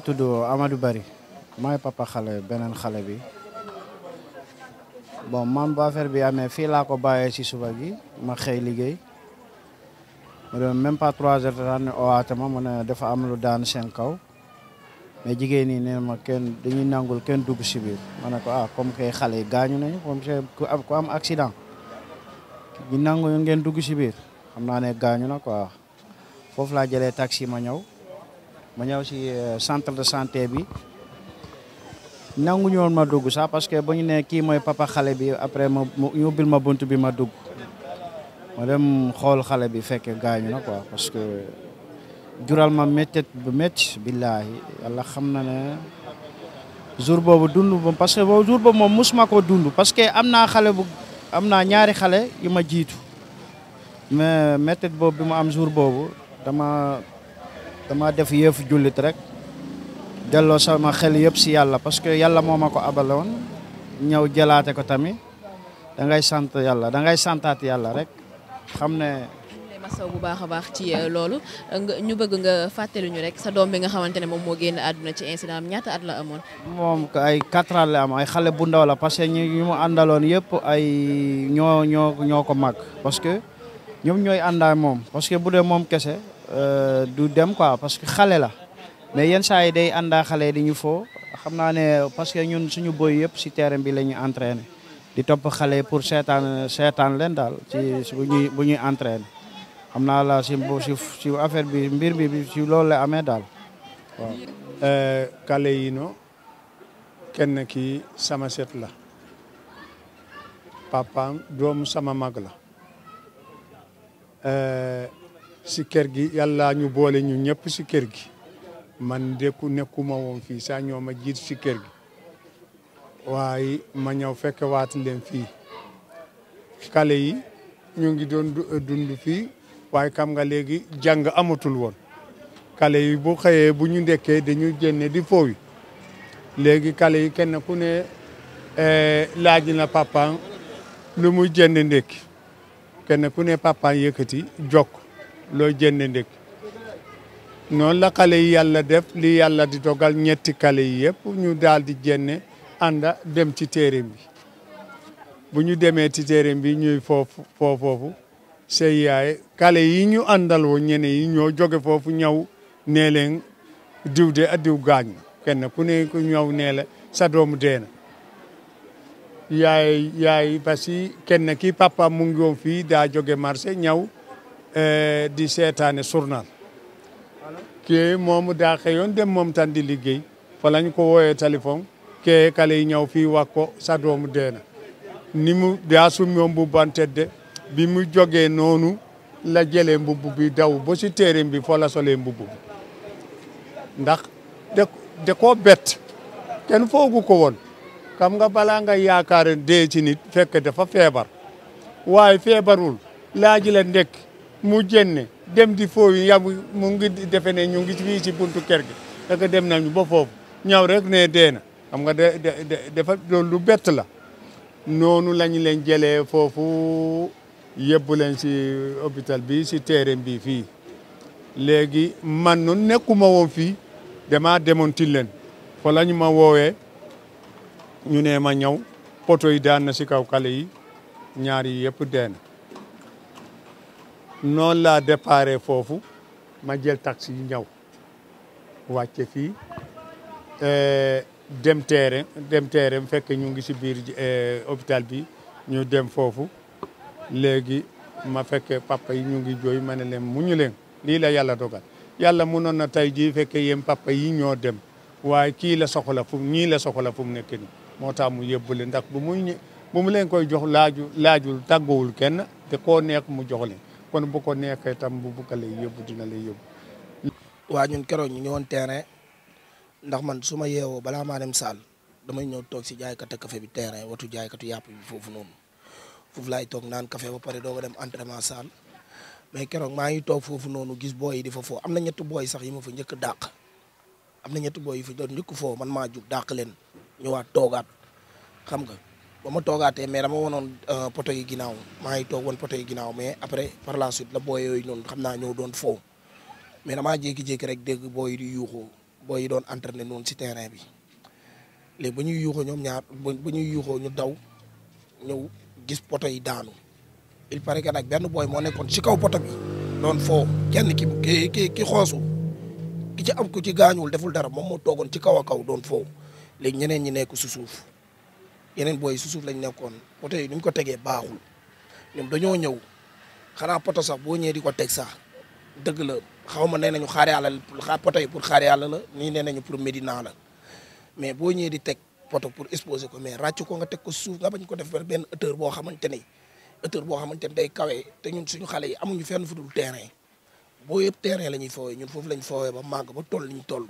ngi tudd Amadou Bari maay papa xale beneen xale bi bon man bu affaire bi amee fii laa ko bàyyee ci suba bi ma xëy liggéey mu doon même pas trois heures daan ne owaate ma dafa am lu daan seen kaw mais jigéen ñi nee kenn dañuy nangul kenn dugg si biir ma ne ko ah xale yi gaañu nañu comme am accident ñu nangu ngeen dugg si biir xam naa ne gaañu na quoi foofu laa jëlee taxi ma ñëw. ma ñëw si euh, centre de santé bi nangu ñoon ma dugg sax parce que ba ñu ne kii mooy papa xale bi après ma ñu ubbil ma bunt bi ma dugg ma dem xool xale bi fekk gaañu na quoi parce que jural ma méttet bu métti billaahi yàlla xam na ne jour boobu dund ba parce que boobu jour moom musuma koo dund parce que am naa xale bu am naa ñaari xale yu ma jiitu mais boobu bi mu am jour boobu dama dama def yëfu jullit rek delloo ma xel yëpp si yàlla parce que yàlla moo ma ko abaloon ñaw jalaate ko tamit dangay sant yàlla da ngay santaat yàlla rek xam ne. masaw bu baax a baax ci euh, loolu ñu bëgg nga fàttali rek sa doom bi nga xamante ne moom moo génn àdduna ci incident am ñaata at la amoon. moom ay 4 ans la am ay xale bu ndaw la parce que ñu mu àndaloon yëpp ay ñoo ñoo ñoo ko màgg parce que ñoom ñooy àndaa moom parce que bu dee moom kese. Euh, du dem quoi parce que xale la mais yenn saa yi day àndaa xale di ñu foo xam naa ne parce que ñun suñu boy yëpp si terrain bi la ñuy entraîné di topp xale pour seetaan seetaan leen daal ci bu ñuy bu ñuy xam naa la si si affaire bi mbir bi si loolu la amee daal waaw. Euh, xale yi no kenn ki sama set la papaam doomu sama mag la. Euh, si kër gi yàlla ñu boole ñu ñëpp si kër gi man deku nekkuma woon fii saa ñoo ma jiit si kër gi waaye ma ñëw fekk waat leen fii xale yi ñu ngi doon dund fii waaye xam nga léegi jàng amatul woon xale bu xëyee bu ñu ndekkee dañuy génne di fooyi léegi xale yi kenn ku ne eh, laaj na papa lu muy jënd ndekki kenn ku ne papa yëkkati jokk loo jënd ndékk noon la xale yi yàlla def li yàlla di dogal ñetti xale yi yëpp ñu daal di jenne ànda dem ci téereem bi bu ñu demee ci téereem bi ñuy foofu foofu sey yaay xale yi ñu àndal woon ñene yi ñoo joge foofu ñëw nee leen diw de ak diw gaañ kenn ku ne ku nee la sa doomu dee na yaay yaay parce que kenn ki papa mu ngi fii daa joge marché ñaw Eh, di seetaane journal kii moom daa xëyoon dem moom tan di liggéey fa lañ ko wooyee téléphone kee kale yi ñëw fii wax ko sa doomu dee na ni mu daa summi bu bantedde bi mu jogee noonu la jëlee mbubb bi daw ba si téereem bi foo la solee mbubb bi ndax de de koo bett kenn foogu ko woon xam nga balaa nga yaakaar dee nit fekk dafa feebar waaye feebarul laaji la nekk mu génne dem di foofu yàgg mu ngi defe ne ñu ngi fii ci buntu kër gi rek dem nañu ba foofu ñaw rek ne dee na xam nga de defa loolu lu bett la noonu lañu leen jëlee foofu yóbbu leen si hôpital bi si terrain bi fii léegi man noonu nekkuma woon fii damaa demoon til leen fa ma woowee ñu ne ma ñëw poto yi daan na si kaw kale yi ñaar yëpp dee noonu laa déparé foofu ma jël taxi yi ñëw wàcce fii eh, dem teere dem teere fekk ñu ngi si biir eh, hôpital bi ñu dem foofu léegi ma fekkee papa yi ñu ngi jooy ma ne leen muñu leen lii la yàlla dogal yàlla noon na tey jii fekke yéen papa yi ñoo dem waaye kii la soxla fu ñii la soxla fu mu nekk nii moo tax mu yëbbale ndax bu muy bu mu leen koy jox laaju laajul tàgguwul kenn te koo neex mu jox leen kon bu ko neexee tam bu bugg a lay yóbbu dina lay yóbbu. waa ñun keroog ñu ñëwoon terrain ndax man su ma yeewoo balaa maa dem saal damay ñëw toog si jaaykatu kafe bi terrain watu jaaykatu yàpp bi foofu noonu foofu laay toog naan kafe ba pare doo dem entraînement saal mais keroog maa ngi toog foofu noonu gis booy yi di fa foo am na ñetti booy sax yi ma fa njëkk dàq am na ñetti booy yi fa doon njëkk foo man maa jug dàq leen ñëwaat toogaat xam nga. ba ma toogaatee mais dama wanoon euh, poto yi ginnaaw maa ngi toog woon poto yi mais après par la suite la booy yooyu noonu xam naa ñoo doon foofu mais damaa jékki-jékki rek dégg booy di yuuxoo booy yi doon entraîné noonu si terrain bi léegi ba ñuy yuuxoo ñoom ñaar ba ñuy yuuxoo ñu daw ñëw gis poto yi daanu il pare que nag benn booy moo nekkoon si kaw poto bi doon foo kenn ki ki ki xoosu ki ci am ku ci gaañuwul deful dara moom moo toogoon ci kaw a kaw doon foo léegi ñeneen ñi nekk si suuf yeneen booy su suuf lañ nekkoon oto yi ñu ko tegee baaxul ñoom dañoo ñëw xanaa poto sax boo ñëwee di ko teg sax dëgg la xaw ma nee nañu xaar yàlla la yi pour xaar yàlla la nii nee nañu pour Médina la mais boo ñëwee di teg poto pour exposer ko mais ràcc ko nga teg ko suuf nga bañ ko def benn hauteur boo xamante ni hauteur boo xamante ni day kawee te ñun suñu xale yi amuñu fenn fu dul terrain boo yëpp terrain la ñuy foowee ñun foofu lañ foowee ba màgg ba toll li ñu toll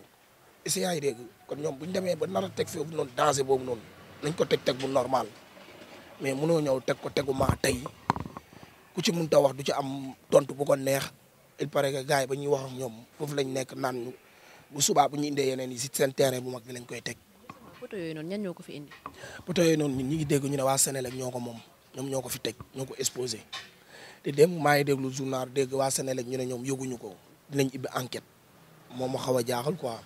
essai yaay dégg kon ñoom bu ñu demee ba nar a teg foofu noonu danger boobu noonu nañ ko teg teg bu normal mais mënoo ñëw teg ko tegu maa tey ku ci mun ta wax du ci am tontu bu ko neex il paraît que gars yi ba ñuy wax ak ñoom foofu lañ nekk naan ñu bu subaa bu ñu indee yeneen yi si seen terrain bu mag bi lañ koy teg. poto yooyu noonu ko fi indi. poto yooyu noonu ñun ñu ngi dégg ñu ne waa Sénélec ñoo ko moom ñoom ñoo ko fi teg ñoo ko exposé te dem maa ngi déglu journal dégg waa Sénélec ñu ne ñoom yóbbuñu ko dinañ ibbi enquête moom mu xaw a jaaxal quoi.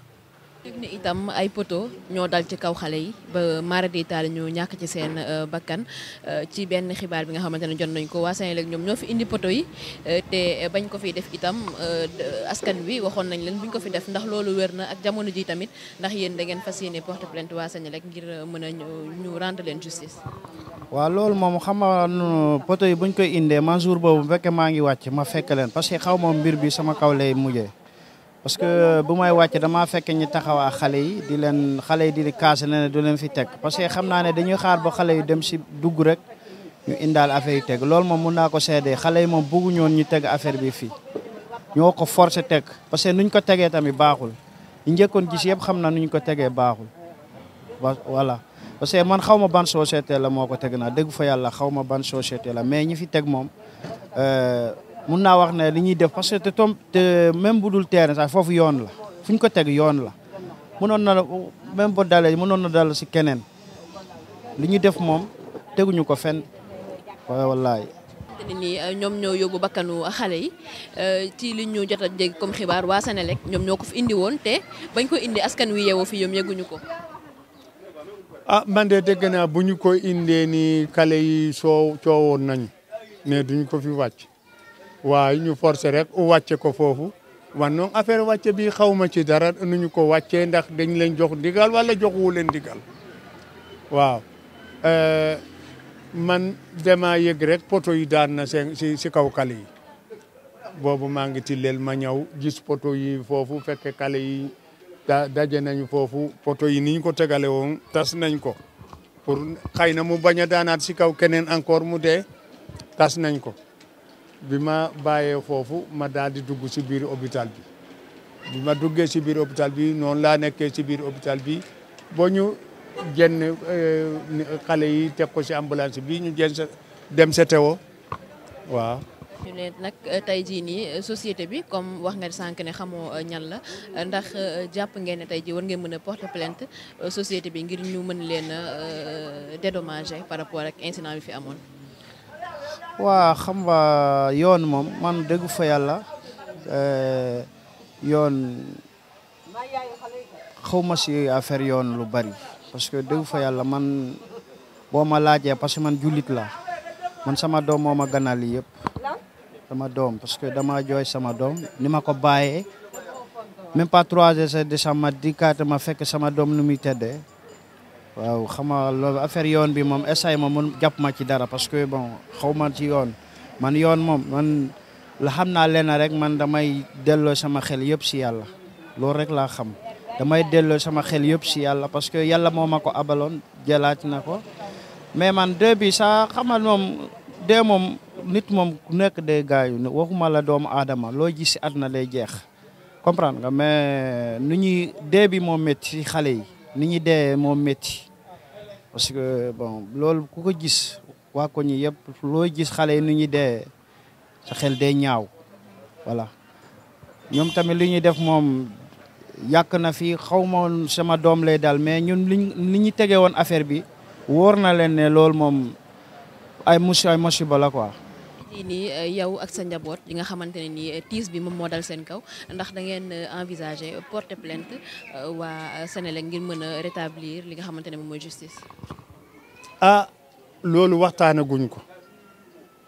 yëg ne itam ay poto ñoo dal ci kaw xale yi ba mara di ñu ñàkk ci seen euh, bakkan euh, ci benn xibaar bi nga xamante ne jot nañ ko waa Senelec ñoom ñoo fi indi yi euh, bañ ko fi def itam askan wi waxoon nañ leen buñ ko fi def ndax loolu wér ak jamono ji tamit ndax yéen da ngeen fas yéene porte plainte waa Senelec ngir mën a ñu rendre leen justice. waa loolu moom xam nga poto yi buñ koy indee man jour boobu bu fekkee maa ngi wàcc ma fekk leen parce que xaw ma mbir bi sama kaw lay mujjee. parce que bu may wàcc damaa fekk ñi taxawaa xale yi di leen xale yi di kaase ne ne du leen fi teg parce que xam naa ne dañuy xaar ba xale yu dem si dugg rek ñu indaal affaire yi teg lool moom mun naa ko seede xale yi moom bëggu ñoon ñu teg affaire bi fii ñoo ko forcé teg parce que nuñ ko tegee tamit baaxul ñu njëkkoon gis yëpp xam na nuñ ko tegee baaxul voilà parce que man xaw ma ban société la moo ko teg naa dëgg fa yàlla xaw ma ban société la mais ñi fi teg moom euh, mun naa wax ne li ñuy def parce que te tom te même bu dul terrain sax foofu yoon la fu ñu ko teg yoon la mënoon na même boo dalee mënoon na dal si keneen li ñu def moom teguñu ko fenn waaye wallaay. ni euh, ñoom ñoo yóbbu bakkanu xale yi euh, ci li ñu jot a dégg comme xibaar waa Senelec ñoom ñoo ko fi indi woon te bañ ko indi askan wi yeewoo fi ñoom yegguñu ko. a ah, man de dégg naa bu ñu ko indee ni xale yi soo coowoon nañu mais duñ ko fi wàcc. waaye ñu forcé rek wàcce ko foofu man noon affaire wàcce bii xawma ci dara nu ñu ko wàccee ndax dañ leen jox ndigal wala joxwu leen ndigal waaw eh, man dama yëg rek poto yi daan na seen si si kaw kale yi boobu maa ngi tilleel ma ñëw jis poto yi foofu fekk kale yi da daje nañu foofu poto yi ni ñu ko tegale woon tas nañ ko pour xëy na mu bañ a daanaat si kaw keneen encore mu dee tas nañ ko bi ma bàyyee foofu ma daal di dugg si biir hôpital bi bi ma duggee si biir hôpital bi noonu laa nekkee ci biir hôpital bi boo ñu jenn euh, xale yi teg ko ci ambulance bi ñu jenn sa dem sa tewo waaw. ñu ne nag euh, tey jii nii euh, société bi comme wax nga sànq ne xamoo ñan la ndax jàpp ngeen ne tey jii war ngeen mën a porter plainte société bi ngir ñu mën leen a par rapport ak incident bi fi amoon. waa xam nga yoon moom man dëgg fa yàlla eh, yoon xaw ma si affaire yoon lu bari parce que dëgg fa yàlla man boo ma laajee parce que man julit la man sama doom moo ma ganal yi yëpp sama doom parce que dama jooy sama doom ni ma ko bàyyee même pas trois heures de sama dikkaate ma fekk sama doom nu muy teddee waaw xam nga loolu affaire yoon bi moom essay moom mun jàpp ma ci dara parce que bon xaw ma ci yoon man yoon moom man xam naa leen rek man damay delloo sama xel yëpp si yàlla loolu rek laa xam damay delloo sama xel yëpp si yàlla parce que yàlla moo ma ko abaloon jëlaat na ko mais man deux bi sa xamal moom dee moom nit moom nekk day gaayu waxuma la doomu aadama loo ji si àdduna day jeex comprendre nga mais nu ñuy dee bi moom métti si xale yi ni ñuy deewee moom métti parce que bon loolu ku ko gis waa ko ñi yëpp loo gis xale yi nu ñuy dee sa xel day ñaaw voilà ñoom tamit li ñuy def moom yàq na fi xawma woon sama doom lay daal mais ñun liñ li ñu tege woon affaire bi wóor na leen ne loolu moom ay mus ay musiba la quoi fii nii euh, yow ak sa njaboot yi nga xamante ne nii euh, tiis bi moom moo dal seen kaw ndax da ngeen euh, envisager porter plainte waa Senelec ngir mën a rétablir li nga xamante ne moom mooy justice. ah loolu waxtaane guñ ko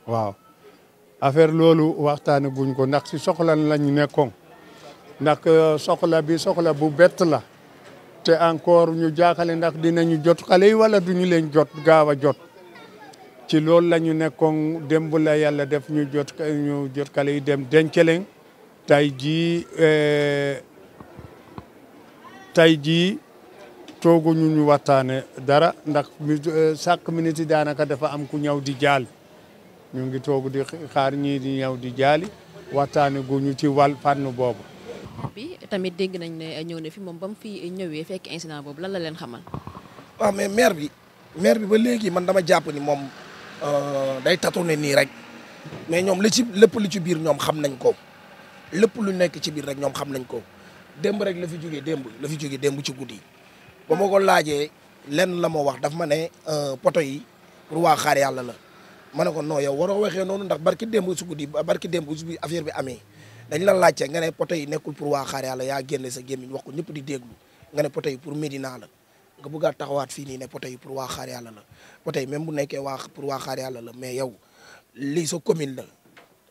waaw affaire loolu waxtaane guñ ko ndax si soxla lañ nekkoon ndax soxla bi soxla bu bett la te encore ñu jaaxale ndax dinañu jot xale yi wala duñu leen jot gaaw a jot. ci loolu la ñu nekkoon bu la yàlla def ñu jot ñu jot kale yi dem denc leen tay jii tey jii eh, toogu ñu ñu waxtaane dara ndax eh, chaque minute daanaka dafa am ku ñëw di jaal ñu ngi toog di xaar ñii di ñëw di jaali waxtaane gu ñu ci wàll fanu boobu. tamit dégg nañ ne ñëw na fi moom ba mu fi ñëwee fekk incident boobu lan la leen xamal. waaw bi maire bi ba léegi man dama jàpp ni moom. Euh, day ne nii rek mais ñoom la ci lépp lu ci biir ñoom xam nañ ko lépp lu nekk ci biir rek ñoom xam nañ ko démb rek la fi jógee démb la fi jóge dembu ci guddi ba ma ko laajee lenn la moo wax daf ma ne euh, poto yi pour waa xaar yàlla la ma ne ko non yow waroo waxee noonu ndax barki démb ci guddi barki démb bi affaire bi amee dañ la laajte nga ne poto yi nekkul pour waa xaar yàlla yaa génne sa gémmiñ wax ko ñëpp di déglu nga ne poto yi pour Médina la nga bëggaat taxawaat fii nii ne poteau yi pour waa xaar la poteau yi même bu nekkee waa pour waa xaar yàlla la mais yow lii sa commune la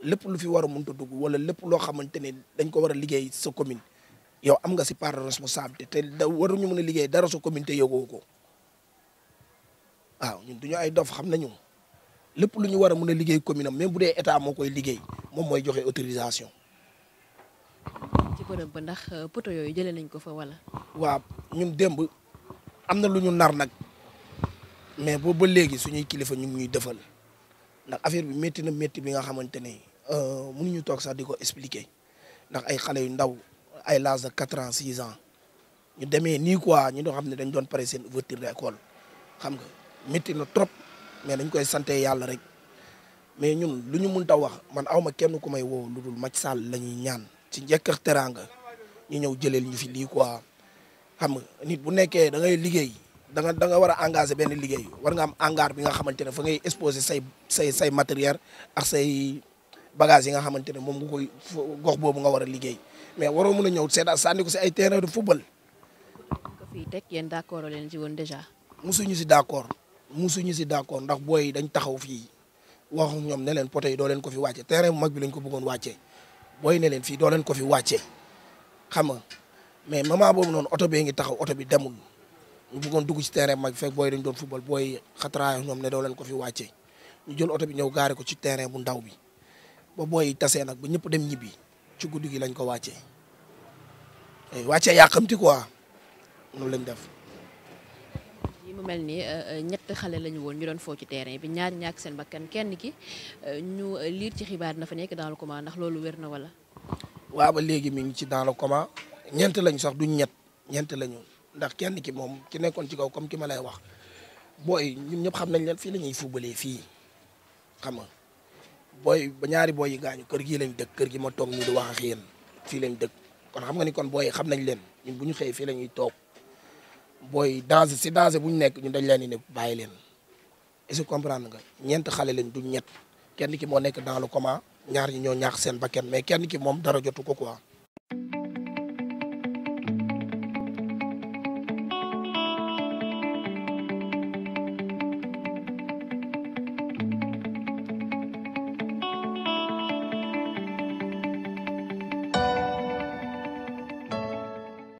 lépp lu fi war a mënta dugg wala lépp loo xamante ne dañ ko war a liggéey sa commune yow am nga si part de responsabilité te da waruñu mën a liggéey dara sa commune te yëgoo ko waaw ñun duñu ay dof xam nañu lépp lu ñu war a mun a liggéey commune mais bu dee état moo koy liggéey moom mooy joxe autorisation. ci bërëb ba ndax euh, poteau yooyu jëlee nañ ko fa wala. waaw ñun démb am na lu ñu nar nag mais boobu ba léegi suñuy kilifa ñu ngi ñuy defal ndax affaire bi métti na métti bi nga xamante ne euh, mënuñu toog sax di ko expliquer ndax ay xale yu ndaw ay l'âge quatre ans six ans ñu demee nii quoi ñu doon xam ne dañ doon pare seen ouverture de école xam nga métti na trop mais dañ koy sante yàlla rek mais ñun lu ñu mënta wax man awma kenn ku may wow lu dul Macky Sall la ñuy ñaan ci njëkk ak teraanga ñu ñëw jëleel ñu fi nii quoi xam nga nit bu nekkee da ngay liggéey da nga da nga war a engagé benn liggéey war nga am hangar bi nga xamante ne fa ngay exposé say say say matériel ak say bagage yinga nga xamante ne moom nga koy gox boobu nga war a liggéey mais waroo mun a ñëw seetaan sànni ko si ay terrain de football. ko fii teg yéen d'accord leen si woon déjà. musuñu si d'accord musuñu si d'accord ndax booy dañ taxaw fii waxu ñoom ne leen poteau yi doo leen ko fi wàcce terrain bu mag bi lañ ko bëggoon wàcce booy ne leen fii doo ko fi wàcce xam nga mais moment boobu noonu oto bee ngi taxaw oto bi demul ñu bëggoon dugg ci terrain mag fekk booy dañ doon football booy xatraay ñoom ne doo leen ko fi wàccee ñu jël oto bi ñëw gaare ko ci terrain bu ndaw bi ba booy tasee nag ba ñëpp dem ñibbi ci guddi gi lañ ko wàccee eh, wàccee yàqamti quoi noonu lañ def. yi mel ni euh, euh, ñett xale lañu woon ñu doon foo ci terrain bi ñaari ñàkk seen bakkan kenn ki euh, ñu liir ci xibaar na fa nekk daal le ndax loolu wér na wala. waaw ba léegi mi ngi ci dans le ñeent lañ sax duñ ñett ñeent lañu ndax kenn ki moom ki nekkoon ci kaw comme ki ma lay wax booy ñun ñëpp xam nañ leen fii la ñuy fii xam nga booy ba ñaari booy yi gaañu kër gii lañ dëkk kër gi ma toog ñu di yéen fii lañ dëkk kon xam nga ni kon booy xam nañ leen ñun bu ñu xëyee fii lañuy toog booy danger si danger bu ñu nekk ñun dañ leen di ne bàyyi leen est-ce que comprendre ñeent xale lañ du ñett kenn ki moo nekk dans le coma ñaar ñi ñoo ñaax seen bakkan mais kenn ki moom dara jotu ko quoi